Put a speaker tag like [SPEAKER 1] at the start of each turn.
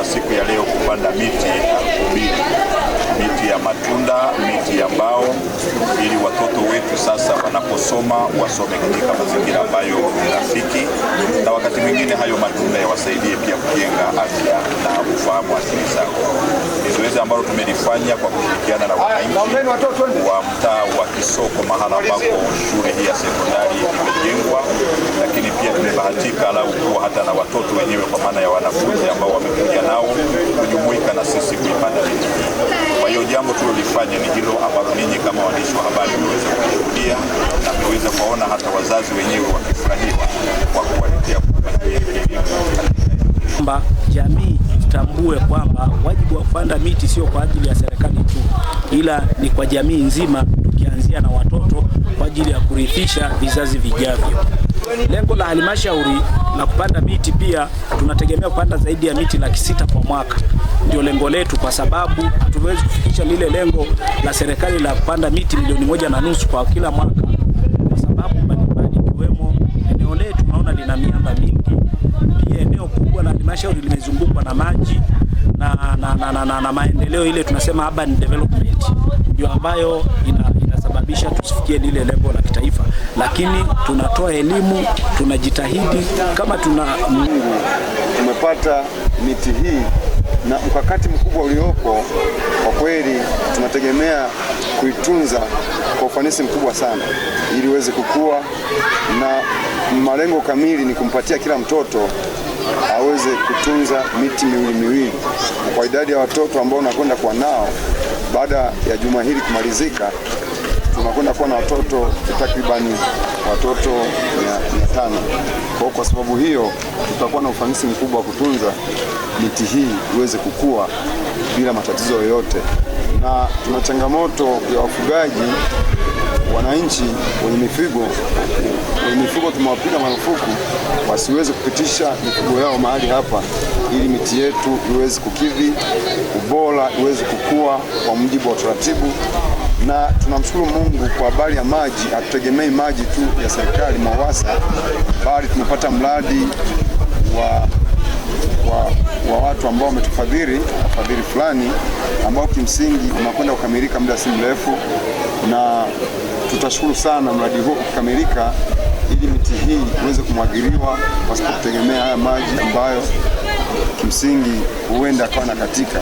[SPEAKER 1] kwa siku ya leo kupanda miti mbili, miti ya matunda, miti ya mbao, ili watoto wetu sasa wanaposoma wasome katika mazingira ambayo ni rafiki, na wakati mwingine hayo matunda yawasaidie pia kujenga afya na ufahamu akili zao. Ni zoezi ambalo tumelifanya kwa kushirikiana na wananchi wa mtaa wa Kisoko, mahala ambapo shule hii ya sekondari imejengwa sisi kuipanda vizuri. Kwa hiyo jambo tulilofanya ni hilo ambalo ninyi kama waandishi wa habari mmeweza kushuhudia na mmeweza kuona hata wazazi wenyewe wakifurahiwa kwa kuwaletea
[SPEAKER 2] kwamba jamii tambue kwamba wajibu wa kupanda miti sio kwa ajili ya serikali tu, ila ni kwa jamii nzima, tukianzia na watoto kwa ajili ya kurithisha vizazi vijavyo. Lengo la halmashauri na kupanda miti pia, tunategemea kupanda zaidi ya miti laki sita kwa mwaka. Ndio lengo letu, kwa sababu hatuwezi kufikisha lile lengo la serikali la kupanda miti milioni moja na nusu kwa kila mwaka, kwa sababu mbalimbali, ikiwemo eneo letu naona lina miamba mingi, pia eneo kubwa la halmashauri limezungukwa na maji na, na, na, na, na, na maendeleo ile tunasema urban development ndio ambayo ina, inasababisha tusifikie lile lengo la kitaifa lakini tunatoa elimu, tunajitahidi kama tuna Mungu
[SPEAKER 3] tumepata miti hii na mkakati mkubwa uliopo kwa kweli, tunategemea kuitunza kwa ufanisi mkubwa sana, ili iweze kukua, na malengo kamili ni kumpatia kila mtoto aweze kutunza miti miwili miwili kwa idadi ya watoto ambao unakwenda kuwa nao baada ya juma hili kumalizika tunakwenda kuwa na watoto takribani watoto mia tano. Kwa kwa sababu hiyo tutakuwa na ufanisi mkubwa wa kutunza miti hii iweze kukua bila matatizo yoyote na tuna changamoto ya wafugaji wananchi wenye mifugo wenye mifugo tumewapiga marufuku wasiweze kupitisha mifugo yao mahali hapa, ili miti yetu iweze kukidhi ubora, iweze kukua kwa mujibu wa utaratibu. Na tunamshukuru Mungu kwa habari ya maji, hatutegemei maji tu ya serikali MWAWASA, bali tumepata mradi wa wa, wa watu ambao wametufadhili wafadhili fulani ambao kimsingi unakwenda kukamilika muda si mrefu, na tutashukuru sana mradi huo kukamilika, ili miti hii iweze kumwagiliwa pasipo kutegemea haya maji ambayo kimsingi huenda akawa na katika